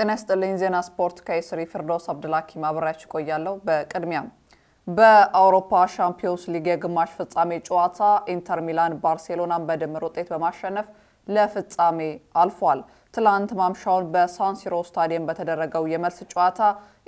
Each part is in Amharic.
ጤና ይስጥልኝ። ዜና ስፖርት ከኢስሪ ፍርዶስ አብድላኪ አብሬያችሁ ቆያለሁ። በቅድሚያም በአውሮፓ ሻምፒዮንስ ሊግ የግማሽ ፍጻሜ ጨዋታ ኢንተር ሚላን ባርሴሎናን በድምር ውጤት በማሸነፍ ለፍጻሜ አልፏል። ትላንት ማምሻውን በሳንሲሮ ስታዲየም በተደረገው የመልስ ጨዋታ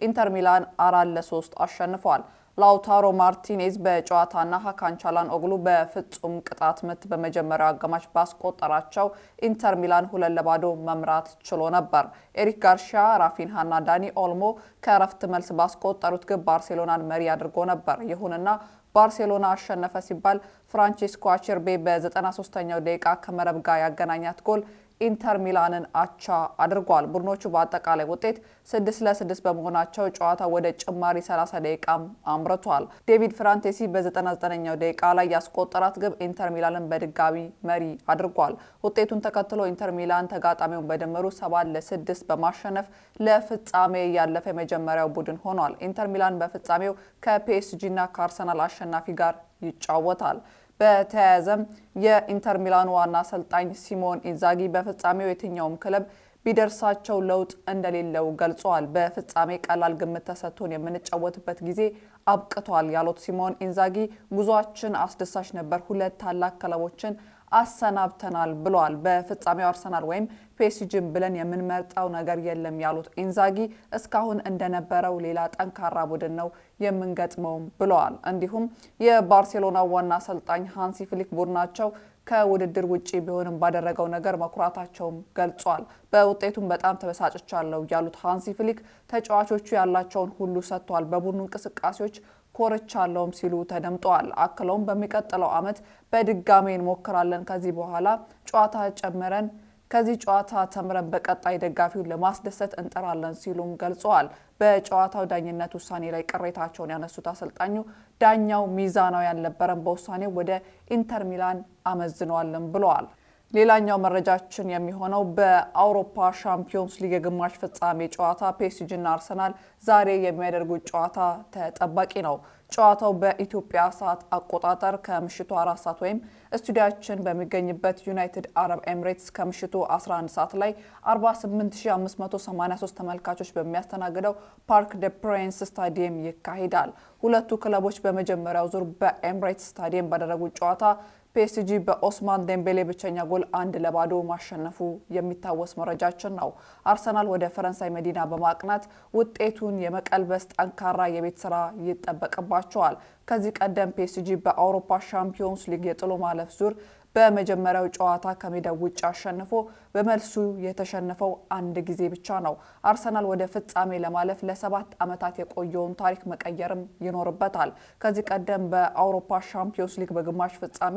ኢንተር ሚላን አራት ለሶስት አሸንፏል። ላውታሮ ማርቲኔዝ በጨዋታና ሀካንቻላን ኦግሉ በፍጹም ቅጣት ምት በመጀመሪያው አጋማሽ ባስቆጠራቸው ኢንተር ሚላን ሁለት ለባዶ መምራት ችሎ ነበር። ኤሪክ ጋርሺያ፣ ራፊንሃና ዳኒ ኦልሞ ከእረፍት መልስ ባስቆጠሩት ግብ ባርሴሎናን መሪ አድርጎ ነበር። ይሁንና ባርሴሎና አሸነፈ ሲባል ፍራንቼስኮ አቸርቤ በ93ኛው ደቂቃ ከመረብ ጋር ያገናኛት ጎል ኢንተር ሚላንን አቻ አድርጓል። ቡድኖቹ በአጠቃላይ ውጤት ስድስት ለስድስት በመሆናቸው ጨዋታ ወደ ጭማሪ 30 ደቂቃም አምርቷል። ዴቪድ ፍራንቴሲ በ99ኛው ደቂቃ ላይ ያስቆጠራት ግብ ኢንተር ሚላንን በድጋሚ መሪ አድርጓል። ውጤቱን ተከትሎ ኢንተር ሚላን ተጋጣሚውን በድምሩ 7 ለ6 በማሸነፍ ለፍጻሜ ያለፈ የመጀመሪያው ቡድን ሆኗል። ኢንተር ሚላን በፍጻሜው ከፒኤስጂ እና ከአርሰናል አሸናፊ ጋር ይጫወታል። በተያያዘም የኢንተር ሚላን ዋና አሰልጣኝ ሲሞን ኢንዛጊ በፍጻሜው የትኛውም ክለብ ቢደርሳቸው ለውጥ እንደሌለው ገልጸዋል። በፍጻሜ ቀላል ግምት ተሰጥቶን የምንጫወትበት ጊዜ አብቅቷል ያሉት ሲሞን ኢንዛጊ ጉዟችን አስደሳች ነበር፣ ሁለት ታላቅ ክለቦችን አሰናብተናል ብለዋል። በፍጻሜው አርሰናል ወይም ፔሲጅን ብለን የምንመርጠው ነገር የለም ያሉት ኢንዛጊ እስካሁን እንደነበረው ሌላ ጠንካራ ቡድን ነው የምንገጥመውም ብለዋል። እንዲሁም የባርሴሎና ዋና አሰልጣኝ ሃንሲ ፍሊክ ቡድናቸው ከውድድር ውጪ ቢሆንም ባደረገው ነገር መኩራታቸውም ገልጿል። በውጤቱም በጣም ተበሳጭቻለሁ ያሉት ሃንሲ ፍሊክ ተጫዋቾቹ ያላቸውን ሁሉ ሰጥቷል፣ በቡድኑ እንቅስቃሴዎች ኮርቻለውም ሲሉ ተደምጠዋል። አክለውም በሚቀጥለው ዓመት በድጋሜ እንሞክራለን። ከዚህ በኋላ ጨዋታ ጨምረን ከዚህ ጨዋታ ተምረን በቀጣይ ደጋፊውን ለማስደሰት እንጠራለን ሲሉም ገልጸዋል። በጨዋታው ዳኝነት ውሳኔ ላይ ቅሬታቸውን ያነሱት አሰልጣኙ ዳኛው ሚዛናዊ ያልነበረን በውሳኔው ወደ ኢንተር ሚላን አመዝነዋልም ብለዋል። ሌላኛው መረጃችን የሚሆነው በአውሮፓ ሻምፒዮንስ ሊግ የግማሽ ፍጻሜ ጨዋታ ፔሲጅና አርሰናል ዛሬ የሚያደርጉት ጨዋታ ተጠባቂ ነው። ጨዋታው በኢትዮጵያ ሰዓት አቆጣጠር ከምሽቱ አራት ሰዓት ወይም ስቱዲያችን በሚገኝበት ዩናይትድ አረብ ኤምሬትስ ከምሽቱ 11 ሰዓት ላይ 48583 ተመልካቾች በሚያስተናግደው ፓርክ ደ ፕሬንስ ስታዲየም ይካሄዳል። ሁለቱ ክለቦች በመጀመሪያው ዙር በኤምሬትስ ስታዲየም ባደረጉት ጨዋታ ፒኤስጂ በኦስማን ዴምቤሌ ብቸኛ ጎል አንድ ለባዶ ማሸነፉ የሚታወስ መረጃችን ነው። አርሰናል ወደ ፈረንሳይ መዲና በማቅናት ውጤቱን የመቀልበስ ጠንካራ የቤት ስራ ይጠበቅባቸዋል። ከዚህ ቀደም ፒኤስጂ በአውሮፓ ሻምፒዮንስ ሊግ የጥሎ ማለፍ ዙር በመጀመሪያው ጨዋታ ከሜዳ ውጭ አሸንፎ በመልሱ የተሸነፈው አንድ ጊዜ ብቻ ነው። አርሰናል ወደ ፍጻሜ ለማለፍ ለሰባት ዓመታት የቆየውን ታሪክ መቀየርም ይኖርበታል። ከዚህ ቀደም በአውሮፓ ሻምፒዮንስ ሊግ በግማሽ ፍጻሜ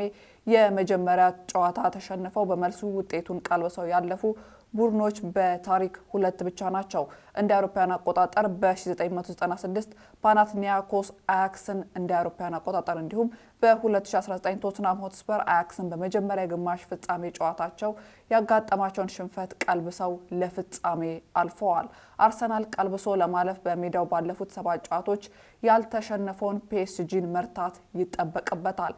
የመጀመሪያ ጨዋታ ተሸንፈው በመልሱ ውጤቱን ቀልብሰው ያለፉ ቡድኖች በታሪክ ሁለት ብቻ ናቸው። እንደ አውሮፓውያን አቆጣጠር በ1996 ፓናትኒያኮስ አያክስን እንደ አውሮፓውያን አቆጣጠር እንዲሁም በ2019 ቶትናም ሆትስፐር አያክስን በመጀመሪያ ግማሽ ፍጻሜ ጨዋታቸው ያጋጠማቸውን ሽንፈት ቀልብሰው ለፍጻሜ አልፈዋል። አርሰናል ቀልብሶ ለማለፍ በሜዳው ባለፉት ሰባት ጨዋታዎች ያልተሸነፈውን ፒኤስጂን መርታት ይጠበቅበታል።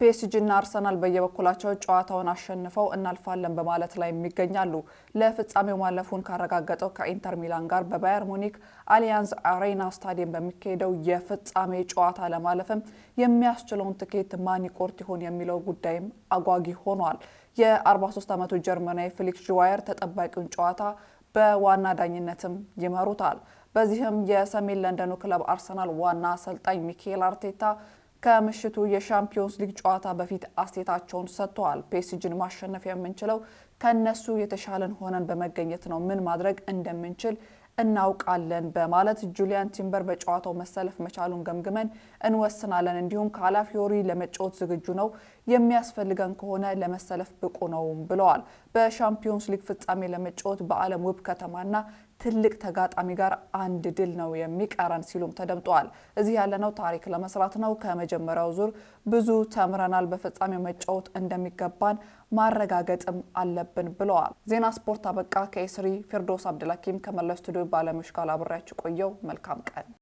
ፒኤስጂና አርሰናል በየበኩላቸው ጨዋታውን አሸንፈው እናልፋለን በማለት ላይ የሚገኛሉ። ለፍጻሜው ማለፉን ካረጋገጠው ከኢንተር ሚላን ጋር በባየር ሙኒክ አሊያንዝ አሬና ስታዲየም በሚካሄደው የፍጻሜ ጨዋታ ለማለፍም የሚያስችለውን ትኬት ማን ይቆርጥ ይሆን የሚለው ጉዳይም አጓጊ ሆኗል። የ43 ዓመቱ ጀርመናዊ ፊሊክስ ጅዋየር ተጠባቂውን ጨዋታ በዋና ዳኝነትም ይመሩታል። በዚህም የሰሜን ለንደኑ ክለብ አርሰናል ዋና አሰልጣኝ ሚካኤል አርቴታ ከምሽቱ የሻምፒዮንስ ሊግ ጨዋታ በፊት አስተያየታቸውን ሰጥተዋል። ፔሲጅን ማሸነፍ የምንችለው ከነሱ የተሻለን ሆነን በመገኘት ነው። ምን ማድረግ እንደምንችል እናውቃለን በማለት ጁሊያን ቲምበር በጨዋታው መሰለፍ መቻሉን ገምግመን እንወስናለን። እንዲሁም ከአላፊዮሪ ለመጫወት ዝግጁ ነው፣ የሚያስፈልገን ከሆነ ለመሰለፍ ብቁ ነው ብለዋል። በሻምፒዮንስ ሊግ ፍጻሜ ለመጫወት በዓለም ውብ ከተማና ትልቅ ተጋጣሚ ጋር አንድ ድል ነው የሚቀረን ሲሉም ተደምጠዋል። እዚህ ያለነው ታሪክ ለመስራት ነው። ከመጀመሪያው ዙር ብዙ ተምረናል። በፍጻሜ መጫወት እንደሚገባን ማረጋገጥም አለብን ብለዋል። ዜና ስፖርት አበቃ። ከኤስሪ ፊርዶስ አብድልሀኪም ከመለስ ቱዲዮ ባለሙያዎች ጋር አብሬያችሁ ቆየው። መልካም ቀን